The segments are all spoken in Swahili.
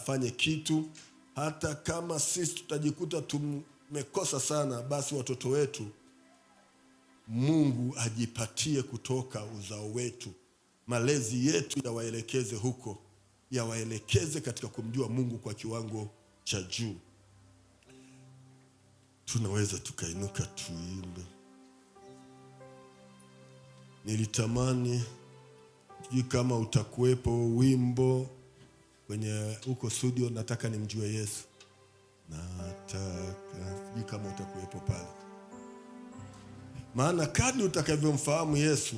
afanye kitu, hata kama sisi tutajikuta tumekosa sana, basi watoto wetu Mungu ajipatie kutoka uzao wetu. Malezi yetu yawaelekeze huko, yawaelekeze katika kumjua Mungu kwa kiwango cha juu. Tunaweza tukainuka tuimbe. Nilitamani sijui kama utakuwepo wimbo kwenye huko studio, nataka nimjue Yesu, nataka sijui kama utakuwepo pale, maana kadri utakavyomfahamu Yesu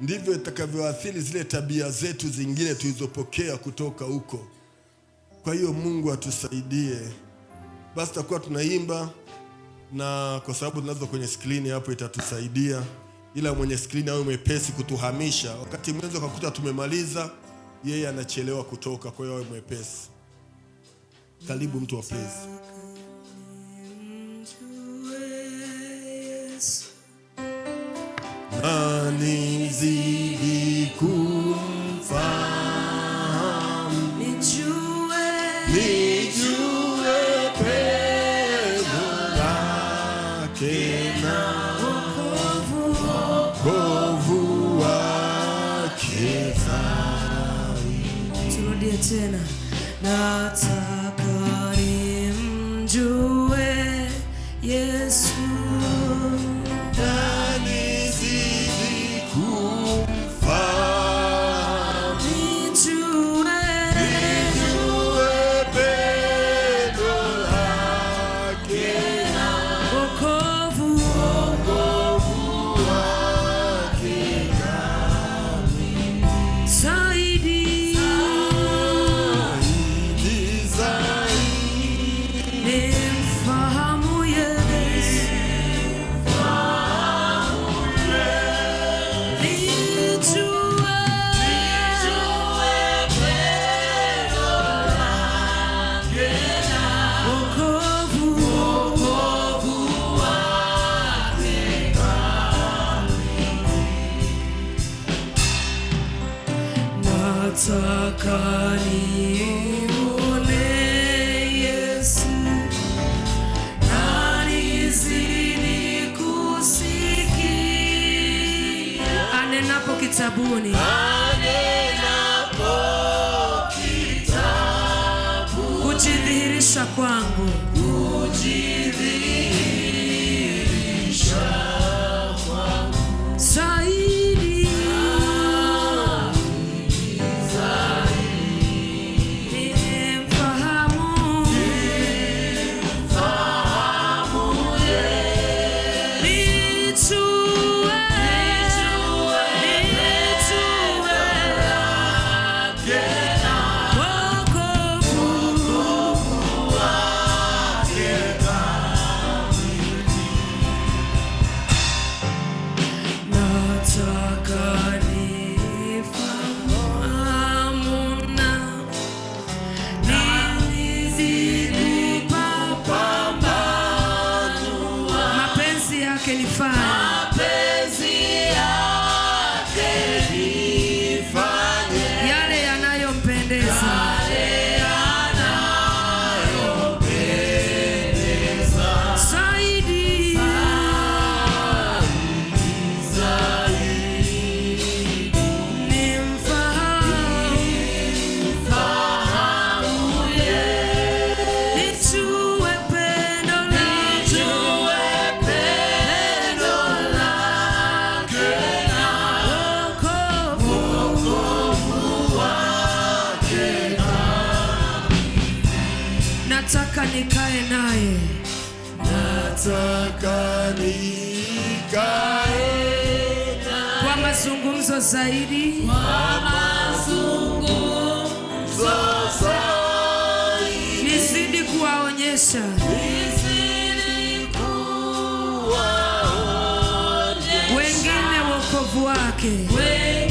ndivyo itakavyoathiri zile tabia zetu zingine tulizopokea kutoka huko. Kwa hiyo Mungu atusaidie. Basi tutakuwa tunaimba na kwa sababu tunazo kwenye skrini hapo, itatusaidia ila mwenye skrini awe mwepesi kutuhamisha. Wakati mwenzo kakuta tumemaliza yeye anachelewa kutoka, kwa hiyo awe mwepesi. Karibu mtu wa praise. Nani zidi sabuni kujidhihirisha kwangu Kujithi talk nikae naye, nataka nikae kwa mazungumzo zaidi, kwa mazungumzo zaidi, wengine wokovu wake.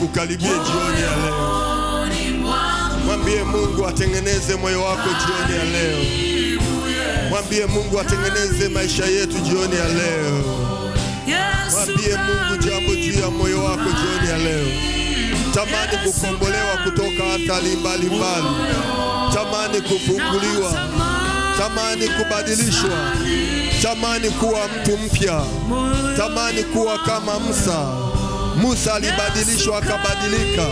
kukaribia jioni ya leo. Mwambie Mungu atengeneze moyo wako jioni ya leo. Mwambie Mungu atengeneze maisha yetu jioni ya leo. Mwambie Mungu jambo juu ya moyo wako jioni ya leo. Tamani kukombolewa kutoka hatari mbalimbali, tamani kufunguliwa, tamani kubadilishwa, tamani kuwa mtu mpya, tamani kuwa kama Musa. Musa alibadilishwa akabadilika,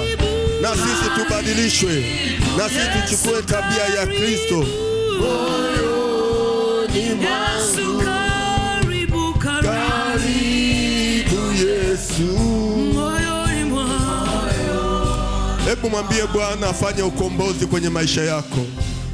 na sisi tubadilishwe, na sisi tuchukue tabia ya Kristo. Hebu mwambie Bwana afanye ukombozi kwenye maisha yako.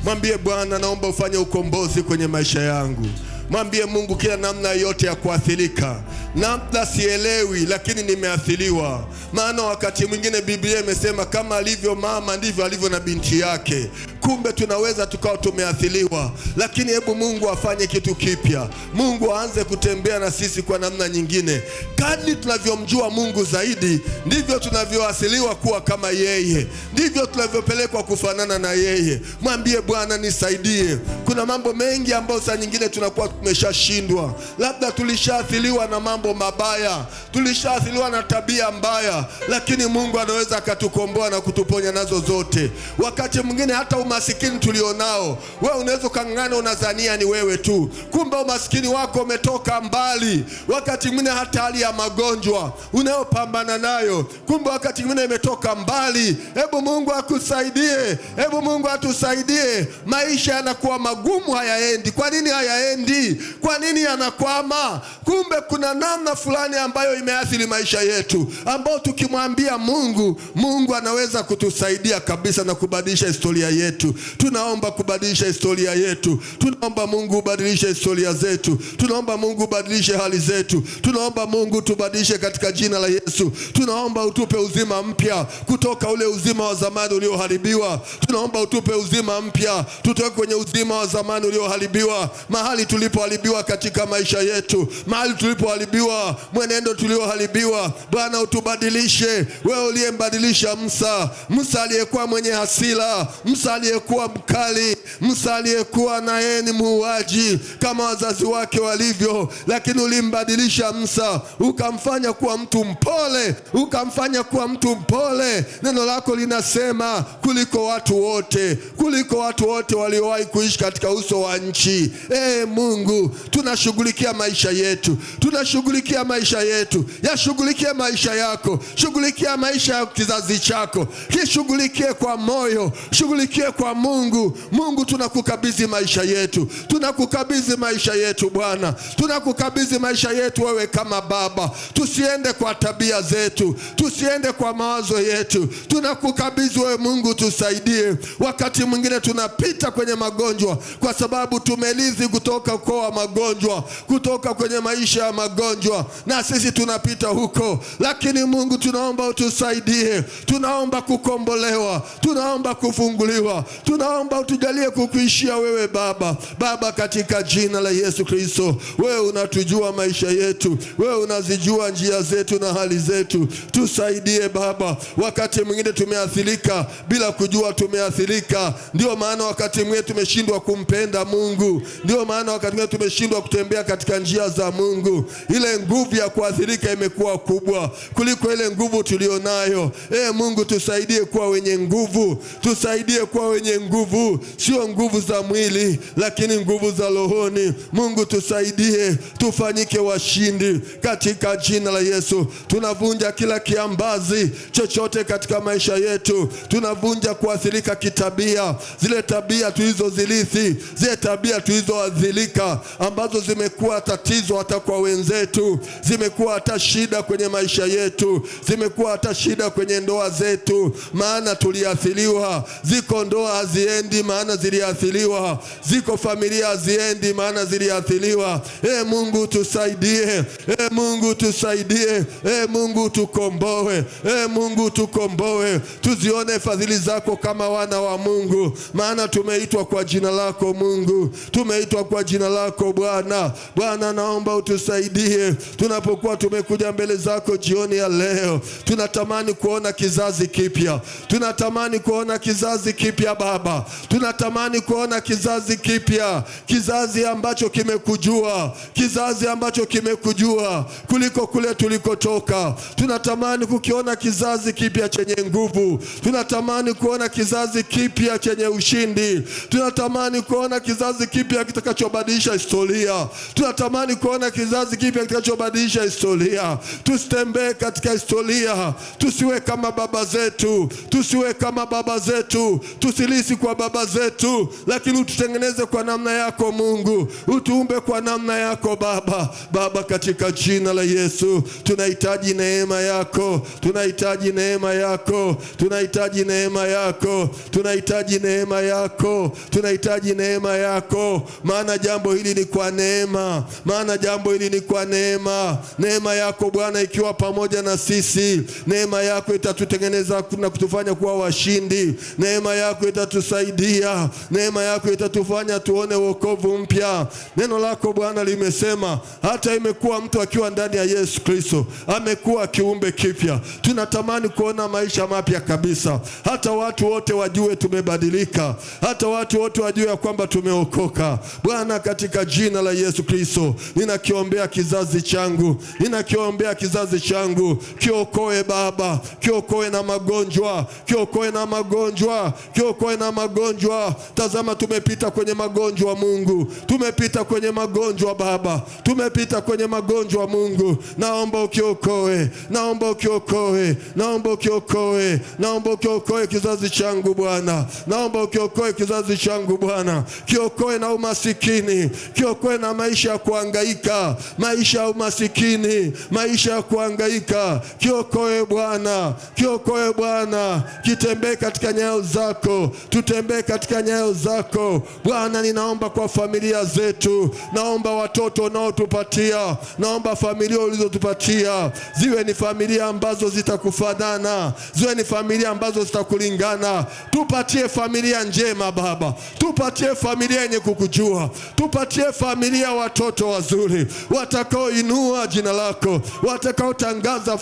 Mwambie Bwana, naomba ufanye ukombozi kwenye maisha yangu. Mwambie Mungu kila namna yote ya kuathirika, labda sielewi, lakini nimeathiriwa. Maana wakati mwingine Biblia imesema kama alivyo mama ndivyo alivyo na binti yake kumbe tunaweza tukawa tumeathiriwa, lakini hebu Mungu afanye kitu kipya. Mungu aanze kutembea na sisi kwa namna nyingine. Kadri tunavyomjua Mungu zaidi, ndivyo tunavyoathiriwa kuwa kama yeye, ndivyo tunavyopelekwa kufanana na yeye. Mwambie Bwana, nisaidie. Kuna mambo mengi ambayo saa nyingine tunakuwa tumeshashindwa, labda tulishaathiriwa na mambo mabaya, tulishaathiriwa na tabia mbaya, lakini Mungu anaweza akatukomboa na kutuponya nazo zote. Wakati mwingine hata um umasikini tulionao. Wewe unaweza ukang'ana, unazania ni wewe tu, kumbe umasikini wako umetoka mbali. Wakati mwingine hata hali ya magonjwa unayopambana nayo, kumbe wakati mwingine imetoka mbali. Hebu Mungu akusaidie, hebu Mungu atusaidie. Maisha yanakuwa magumu, hayaendi. Kwa nini hayaendi? Kwa nini yanakwama? Kumbe kuna namna fulani ambayo imeathiri maisha yetu, ambayo tukimwambia Mungu, Mungu anaweza kutusaidia kabisa na kubadilisha historia yetu yetu. Tunaomba kubadilisha historia yetu. Tunaomba Mungu ubadilishe historia zetu. Tunaomba Mungu ubadilishe hali zetu. Tunaomba Mungu tubadilishe katika jina la Yesu. Tunaomba utupe uzima mpya kutoka ule uzima wa zamani ulioharibiwa. Tunaomba utupe uzima mpya, tutoke kwenye uzima wa zamani ulioharibiwa, mahali tulipoharibiwa katika maisha yetu, mahali tulipoharibiwa, mwenendo tulioharibiwa. Bwana utubadilishe, wewe uliyembadilisha Musa, Musa aliyekuwa mwenye hasira, Musa aliye aliyekuwa mkali, Musa aliyekuwa na yeye ni muuaji kama wazazi wake walivyo, lakini ulimbadilisha Musa ukamfanya kuwa mtu mpole, ukamfanya kuwa mtu mpole. Neno lako linasema kuliko watu wote, kuliko watu wote waliowahi kuishi katika uso wa nchi. Ee Mungu, tunashughulikia maisha yetu, tunashughulikia maisha yetu, yashughulikie maisha yako, shughulikia maisha ya kizazi chako, kishughulikie kwa moyo, shughulikie kwa Mungu. Mungu, tunakukabidhi maisha yetu, tunakukabidhi maisha yetu Bwana, tunakukabidhi maisha yetu wewe kama Baba. Tusiende kwa tabia zetu, tusiende kwa mawazo yetu, tunakukabidhi wewe Mungu, tusaidie. Wakati mwingine tunapita kwenye magonjwa kwa sababu tumelizi kutoka ukoo wa magonjwa, kutoka kwenye maisha ya magonjwa, na sisi tunapita huko, lakini Mungu tunaomba utusaidie, tunaomba kukombolewa, tunaomba kufunguliwa, Tunaomba utujalie kukuishia wewe Baba. Baba, katika jina la Yesu Kristo, wewe unatujua maisha yetu, wewe unazijua njia zetu na hali zetu. Tusaidie Baba, wakati mwingine tumeathirika bila kujua tumeathirika. ndio maana wakati mwingine tumeshindwa kumpenda Mungu, ndio maana wakati mwingine tumeshindwa kutembea katika njia za Mungu. Ile nguvu ya kuathirika imekuwa kubwa kuliko ile nguvu tulionayo E Mungu, tusaidie kuwa wenye nguvu, tusaidie kuwa wenye wenye nguvu, sio nguvu za mwili, lakini nguvu za rohoni. Mungu tusaidie, tufanyike washindi katika jina la Yesu. Tunavunja kila kiambazi chochote katika maisha yetu, tunavunja kuathirika kitabia, zile tabia tulizozirithi zile tabia tulizoadhilika, ambazo zimekuwa tatizo hata kwa wenzetu, zimekuwa hata shida kwenye maisha yetu, zimekuwa hata shida kwenye ndoa zetu, maana tuliathiriwa. Ziko ndoa ndoa haziendi maana ziliathiriwa, ziko familia haziendi maana ziliathiriwa. E Mungu tusaidie, e Mungu tusaidie, e Mungu tukomboe, e Mungu tukomboe, tuzione fadhili zako kama wana wa Mungu, maana tumeitwa kwa jina lako Mungu, tumeitwa kwa jina lako Bwana. Bwana, naomba utusaidie tunapokuwa tumekuja mbele zako jioni ya leo, tunatamani kuona kizazi kipya, tunatamani kuona kizazi kipya Baba, tunatamani kuona kizazi kipya, kizazi ambacho kimekujua, kizazi ambacho kimekujua kuliko kule tulikotoka. Tunatamani kukiona kizazi kipya chenye nguvu, tunatamani kuona kizazi kipya chenye ushindi, tunatamani kuona kizazi kipya kitakachobadilisha historia, tunatamani kuona kizazi kipya kitakachobadilisha historia. Tusitembee katika historia, tusiwe kama baba zetu, tusiwe kama baba zetu tusi usilisi kwa baba zetu, lakini ututengeneze kwa namna yako Mungu, utuumbe kwa namna yako Baba. Baba, katika jina la Yesu tunahitaji neema yako, tunahitaji neema yako, tunahitaji neema yako, tunahitaji neema yako, tunahitaji neema yako, maana jambo hili ni kwa neema, maana jambo hili ni kwa neema. Neema yako Bwana ikiwa pamoja na sisi, neema yako itatutengeneza na kutufanya kuwa washindi. Neema yako itatusaidia, neema yako itatufanya tuone wokovu mpya. Neno lako Bwana limesema hata imekuwa mtu akiwa ndani ya Yesu Kristo amekuwa kiumbe kipya. Tunatamani kuona maisha mapya kabisa, hata watu wote wajue tumebadilika, hata watu wote wajue ya kwamba tumeokoka. Bwana, katika jina la Yesu Kristo ninakiombea kizazi changu, ninakiombea kizazi changu, kiokoe Baba, kiokoe na magonjwa, kiokoe na magonjwa, kiokoe waliokuwa na magonjwa. Tazama, tumepita kwenye magonjwa Mungu, tumepita kwenye magonjwa Baba, tumepita kwenye magonjwa Mungu. Naomba ukiokoe, naomba ukiokoe, naomba ukiokoe, naomba ukiokoe kizazi changu Bwana, naomba ukiokoe kizazi changu Bwana, kiokoe na umasikini, kiokoe na maisha ya kuangaika maisha ya umasikini, maisha ya kuangaika kiokoe Bwana, kiokoe Bwana, kitembee katika nyayo zako tutembee katika nyayo zako Bwana. Ninaomba kwa familia zetu, naomba watoto unaotupatia, naomba familia ulizotupatia ziwe ni familia ambazo zitakufanana, ziwe ni familia ambazo zitakulingana. Tupatie familia njema Baba, tupatie familia yenye kukujua, tupatie familia watoto wazuri watakaoinua jina lako, watakaotangaza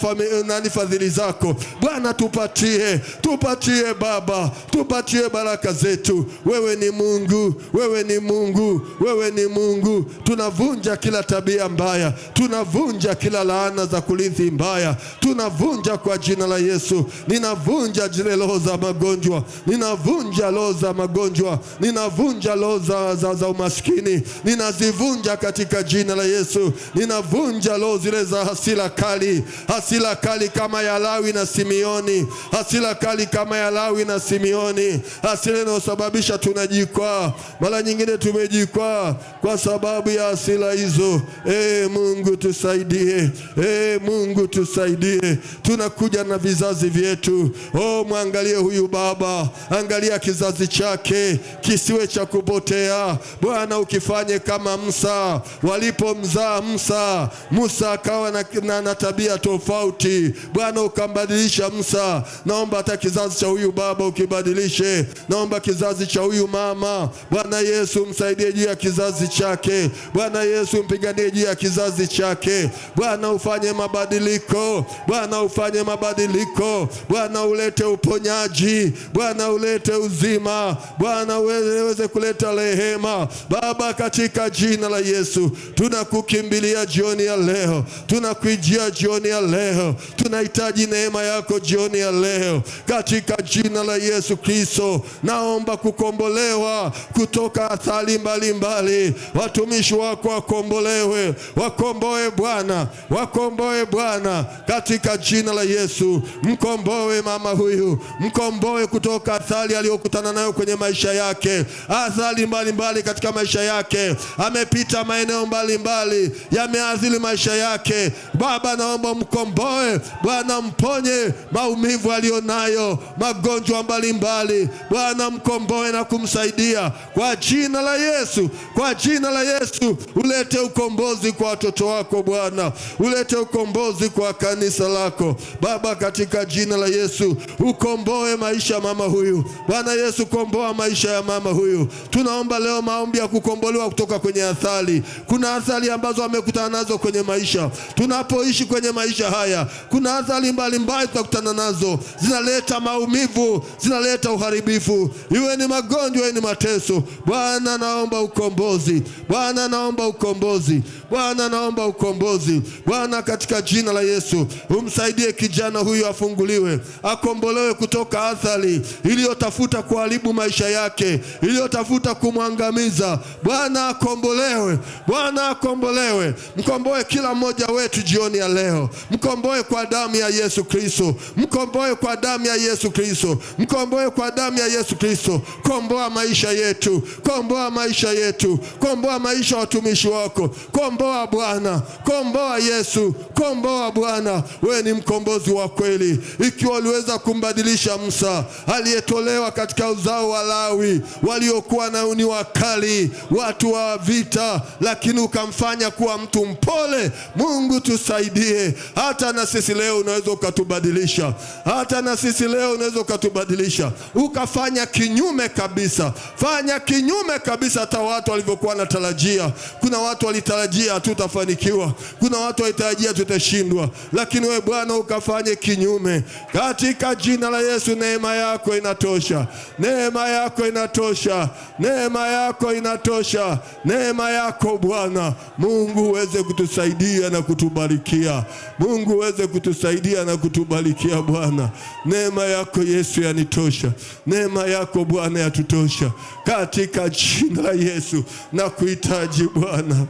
nani fadhili zako Bwana, tupatie tupatie Baba, tupatie tuachie baraka zetu. Wewe ni Mungu, wewe ni Mungu, wewe ni Mungu. Tunavunja kila tabia mbaya, tunavunja kila laana za kurithi mbaya, tunavunja kwa jina la Yesu. Ninavunja zile roho za magonjwa, ninavunja roho za magonjwa, ninavunja roho za, za, za umaskini, ninazivunja katika jina la Yesu. Ninavunja roho zile za hasira kali, hasira kali kama ya Lawi na Simioni, hasira kali kama ya Lawi na Simioni hasira inayosababisha tunajikwaa, mara nyingine tumejikwaa kwa sababu ya hasira hizo. E Mungu tusaidie, e Mungu tusaidie. Tunakuja na vizazi vyetu, o mwangalie huyu baba, angalia kizazi chake kisiwe cha kupotea Bwana, ukifanye kama Musa walipomzaa Musa, Musa akawa na, na, na tabia tofauti Bwana, ukambadilisha Musa. Naomba hata kizazi cha huyu baba ukibadilishe Naomba kizazi cha huyu mama, Bwana Yesu msaidie juu ya kizazi chake, Bwana Yesu mpiganie juu ya kizazi chake. Bwana ufanye mabadiliko, Bwana ufanye mabadiliko, Bwana ulete uponyaji, Bwana ulete uzima, Bwana uweze kuleta rehema, Baba, katika jina la Yesu tunakukimbilia jioni ya leo, tunakuijia jioni ya leo, tunahitaji neema yako jioni ya leo, katika jina la Yesu Kristo naomba kukombolewa kutoka athari mbalimbali. Watumishi wako wakombolewe, wakomboe Bwana, wakomboe Bwana, katika jina la Yesu. Mkomboe mama huyu, mkomboe kutoka athari aliyokutana nayo kwenye maisha yake, athari mbalimbali katika maisha yake. Amepita maeneo mbalimbali, yameathiri maisha yake. Baba, naomba mkomboe Bwana, mponye maumivu aliyonayo, magonjwa mbalimbali Bwana mkomboe na kumsaidia kwa jina la Yesu, kwa jina la Yesu. Ulete ukombozi kwa watoto wako Bwana, ulete ukombozi kwa kanisa lako Baba, katika jina la Yesu. Ukomboe maisha ya mama huyu Bwana Yesu, komboa maisha ya mama huyu. Tunaomba leo maombi ya kukombolewa kutoka kwenye athari. Kuna athari ambazo amekutana nazo kwenye maisha, tunapoishi kwenye maisha haya, kuna athari mbalimbali tunakutana nazo, zinaleta maumivu, zinaleta uharibifu uharibifu, iwe ni magonjwa, iwe ni mateso. Bwana naomba ukombozi, Bwana naomba ukombozi, Bwana naomba ukombozi. Bwana, katika jina la Yesu umsaidie kijana huyu, afunguliwe, akombolewe kutoka athari iliyotafuta kuharibu maisha yake, iliyotafuta kumwangamiza. Bwana akombolewe, Bwana akombolewe. Mkomboe kila mmoja wetu jioni ya leo, mkomboe kwa damu ya Yesu Kristo, mkomboe kwa damu ya Yesu Kristo, mkomboe kwa damu damu ya Yesu Kristo, komboa maisha yetu, komboa maisha yetu, komboa maisha ya watumishi wako, komboa Bwana, komboa Yesu, komboa Bwana. Wewe ni mkombozi wa kweli. Ikiwa uliweza kumbadilisha Musa aliyetolewa katika uzao wa Lawi waliokuwa na uni wakali, watu wa vita, lakini ukamfanya kuwa mtu mpole, Mungu tusaidie. Hata na sisi leo unaweza ukatubadilisha, hata na sisi leo unaweza ukatubadilisha uka ukafanya kinyume kabisa, fanya kinyume kabisa hata watu walivyokuwa wanatarajia. Kuna watu walitarajia tutafanikiwa kuna watu walitarajia tutashindwa, lakini wewe Bwana ukafanye kinyume. Katika jina la Yesu, neema yako inatosha, neema yako inatosha, neema yako inatosha, neema yako Bwana Mungu uweze kutusaidia na kutubarikia, Mungu uweze kutusaidia na kutubarikia Bwana, neema yako Yesu yanitosha. Neema yako Bwana yatutosha katika jina la Yesu, na kuhitaji Bwana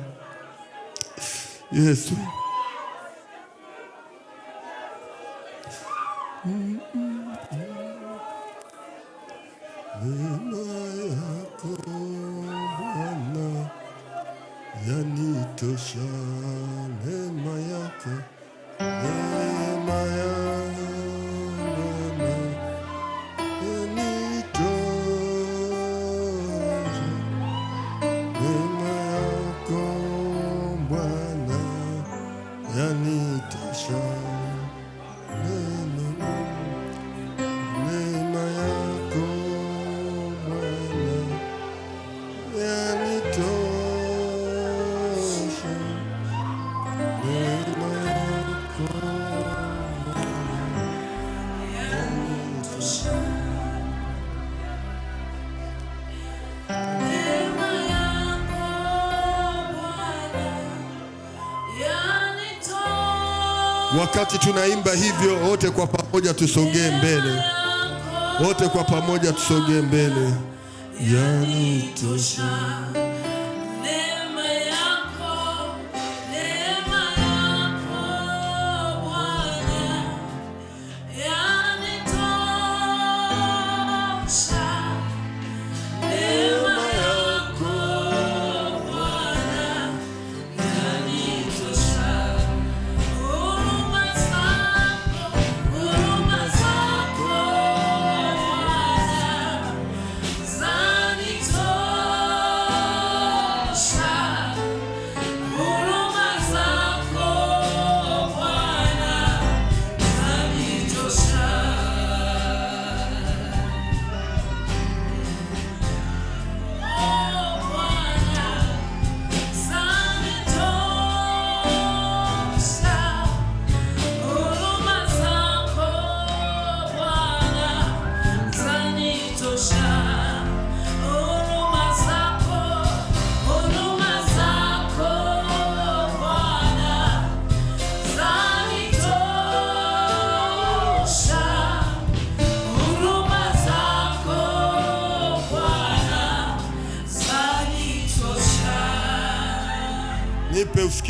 Yesu. Neema yako Bwana yanitosha wakati tunaimba hivyo, wote kwa pamoja tusongee mbele, wote kwa pamoja tusongee mbele, yanitosha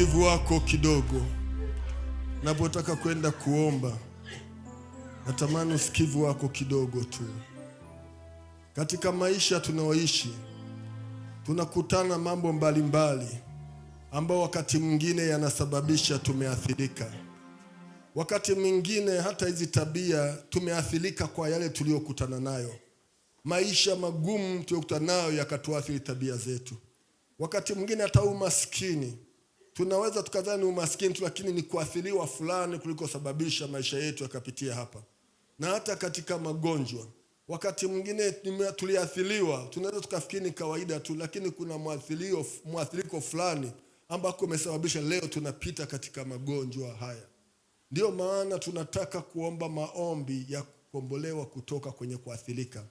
usikivu wako kidogo. Napotaka kwenda kuomba, natamani usikivu wako kidogo tu. Katika maisha tunayoishi, tunakutana mambo mbalimbali ambayo wakati mwingine yanasababisha tumeathirika, wakati mwingine hata hizi tabia tumeathirika kwa yale tuliyokutana nayo, maisha magumu tuliyokutana nayo yakatuathiri tabia zetu, wakati mwingine hata umaskini Tunaweza tukadhani umaskini tu, lakini ni kuathiriwa fulani kulikosababisha maisha yetu yakapitia hapa. Na hata katika magonjwa, wakati mwingine tuliathiriwa, tunaweza tukafikiri ni kawaida tu, lakini kuna mwathiriko fulani ambako umesababisha leo tunapita katika magonjwa haya. Ndiyo maana tunataka kuomba maombi ya kukombolewa kutoka kwenye kuathirika,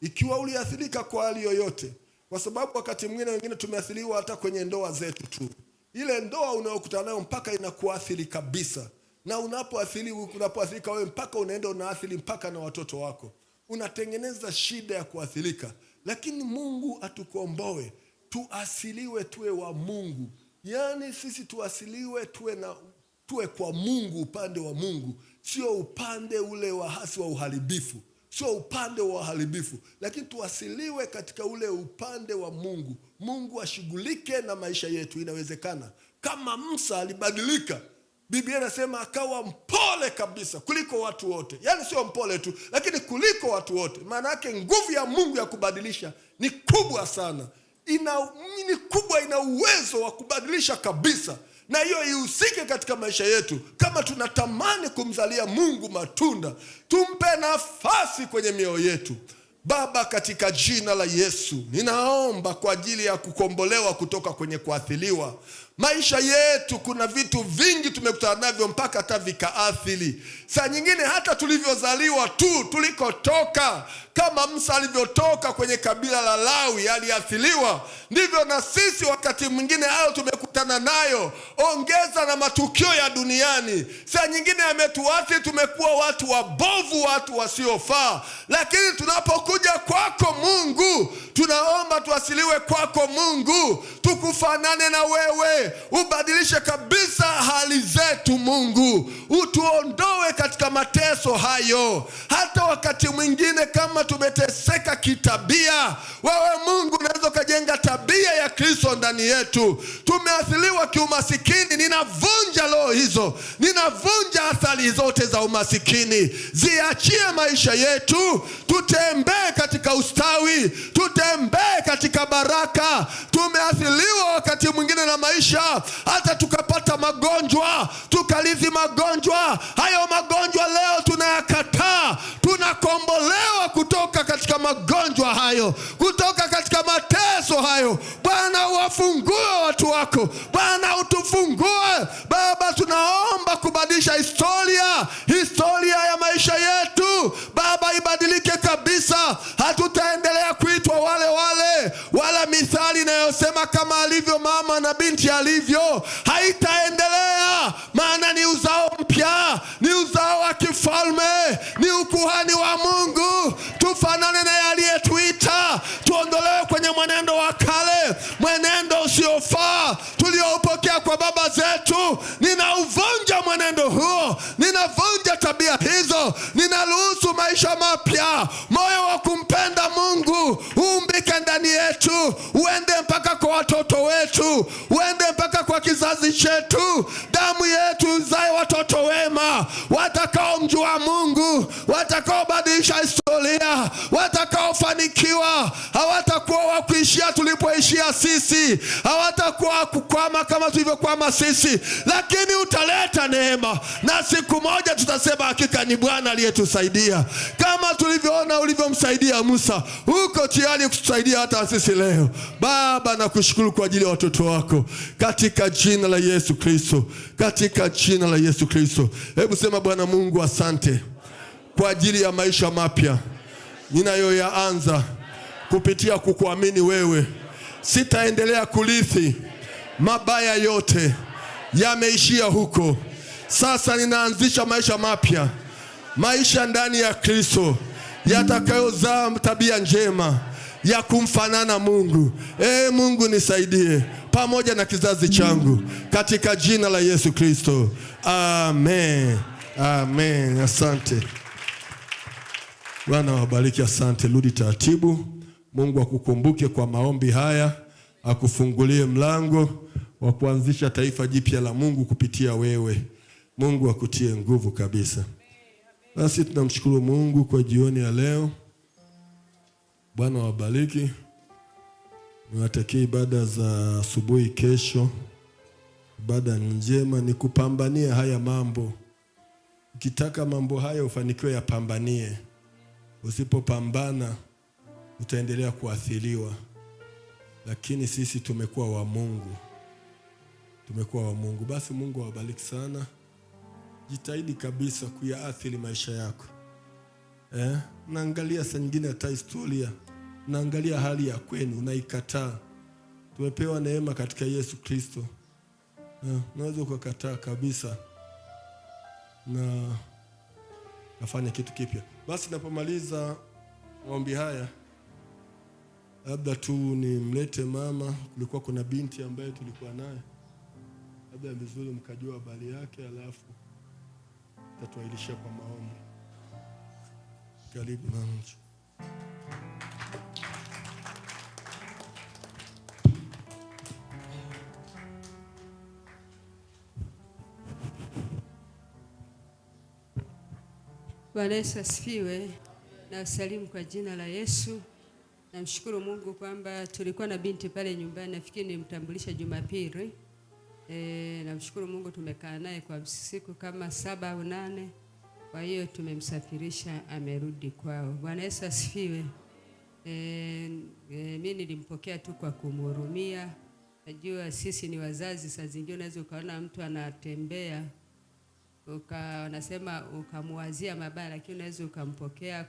ikiwa uliathirika kwa hali yoyote, kwa sababu wakati mwingine wengine tumeathiriwa hata kwenye ndoa zetu tu ile ndoa unayokutana nayo mpaka inakuathiri kabisa, na unapoathiri, unapoathirika wewe mpaka unaenda unaathiri mpaka na watoto wako, unatengeneza shida ya kuathirika. Lakini Mungu atukomboe, tuasiliwe tuwe wa Mungu, yaani sisi tuasiliwe tuwe na tuwe kwa Mungu, upande wa Mungu, sio upande ule wa hasi wa uharibifu sio upande wa uharibifu, lakini tuwasiliwe katika ule upande wa Mungu. Mungu ashughulike na maisha yetu. Inawezekana kama Musa alibadilika. Biblia inasema akawa mpole kabisa kuliko watu wote, yaani sio mpole tu, lakini kuliko watu wote. Maana yake nguvu ya Mungu ya kubadilisha ni kubwa sana, ina ni kubwa, ina uwezo wa kubadilisha kabisa na hiyo ihusike katika maisha yetu. Kama tunatamani kumzalia Mungu matunda, tumpe nafasi kwenye mioyo yetu. Baba, katika jina la Yesu ninaomba kwa ajili ya kukombolewa kutoka kwenye kuathiliwa Maisha yetu kuna vitu vingi tumekutana navyo mpaka hata vikaathiri. Saa nyingine hata tulivyozaliwa tu, tulikotoka, kama Musa alivyotoka kwenye kabila la Lawi aliathiriwa, ndivyo na sisi wakati mwingine hayo tumekutana nayo, ongeza na matukio ya duniani. Saa nyingine ametuathiri tumekuwa watu wabovu, watu wasiofaa. Lakini tunapokuja kwako Mungu, tunaomba tuasiliwe kwako Mungu, tukufanane na wewe ubadilishe kabisa hali zetu Mungu, utuondoe katika mateso hayo. Hata wakati mwingine kama tumeteseka kitabia, wewe Mungu unaweza ukajenga tabia ya Kristo ndani yetu. Tumeathiriwa kiumasikini, ninavunja roho hizo, ninavunja athari zote za umasikini, ziachie maisha yetu, tutembee katika ustawi, tutembee katika baraka. Tumeathiriwa wakati mwingine na maisha maisha hata tukapata magonjwa, tukalizi magonjwa. Hayo magonjwa leo tunayakataa, tunakombolewa kutoka katika magonjwa hayo, kutoka katika mateso hayo. Bwana, uwafungue watu wako, Bwana utufungue Baba, tunaomba kubadilisha historia, historia ya maisha yetu Baba, ibadilike kabisa hatutaendelea kuitwa wale wale, wala mithali inayosema kama alivyo mama na binti alivyo haitaendelea, maana ni uzao mpya, ni uzao wa kifalme, ni ukuhani wa Mungu. Tufanane naye aliyetuita, tuondolewe kwenye mwenendo wa kale, mwenendo usiofaa tulioupokea kwa baba zetu. Ninauvunja mwenendo huo, ninavunja tabia hizo maisha mapya, moyo wa kumpenda Mungu uumbike ndani yetu, uende mpaka kwa watoto wetu, uende mpaka kwa kizazi chetu. Damu yetu zae watoto wema watakaomjua Mungu, watakaobadilisha historia, watakaofanikiwa hawata hawatakuwa wa kuishia tulipoishia sisi, hawatakuwa wa kukwama kama tulivyokwama sisi, lakini utaleta neema, na siku moja tutasema hakika ni Bwana aliyetusaidia, kama tulivyoona ulivyomsaidia Musa. Huko tayari kutusaidia hata sisi leo. Baba, nakushukuru kwa ajili ya watoto wako, katika jina la Yesu Kristo, katika jina la Yesu Kristo. Hebu sema Bwana Mungu, asante kwa ajili ya maisha mapya ninayoyaanza kupitia kukuamini wewe. Sitaendelea kurithi mabaya, yote yameishia huko. Sasa ninaanzisha maisha mapya, maisha ndani ya Kristo yatakayozaa tabia njema ya kumfanana Mungu. Ee Mungu, nisaidie pamoja na kizazi changu katika jina la Yesu Kristo, amen. Amen, asante Bwana wabariki, asante. Rudi taratibu. Mungu akukumbuke kwa maombi haya, akufungulie mlango wa kuanzisha taifa jipya la Mungu kupitia wewe. Mungu akutie nguvu kabisa. Basi tunamshukuru Mungu kwa jioni ya leo. Bwana wabariki. Niwatakie ibada za asubuhi kesho, ibada njema. Ni kupambania haya mambo. Ukitaka mambo haya ufanikiwe, yapambanie. Usipopambana utaendelea kuathiriwa, lakini sisi tumekuwa wa Mungu, tumekuwa wa Mungu. Basi Mungu awabariki sana. Jitahidi kabisa kuyaathiri maisha yako eh? Naangalia saa nyingine hata historia, naangalia hali ya kwenu, unaikataa. Tumepewa neema katika Yesu Kristo eh, unaweza ukakataa kabisa na nafanya kitu kipya. Basi napomaliza maombi haya labda tu nimlete mama. Kulikuwa kuna binti ambaye tulikuwa naye, labda vizuri mkajua habari yake, alafu tatuailisha kwa maombi. Karibu mama. Bwana Yesu asifiwe. Na wasalimu kwa jina la Yesu. Namshukuru Mungu kwamba tulikuwa na binti pale nyumbani, nafikiri nimtambulisha Jumapili. E, namshukuru Mungu tumekaa naye kwa siku kama saba au nane, kwa hiyo tumemsafirisha amerudi kwao. Bwana Yesu asifiwe. E, e, mi nilimpokea tu kwa kumhurumia. Najua sisi ni wazazi, saa zingine unaweza ukaona mtu anatembea uka, unasema ukamwazia mabaya, lakini unaweza ukampokea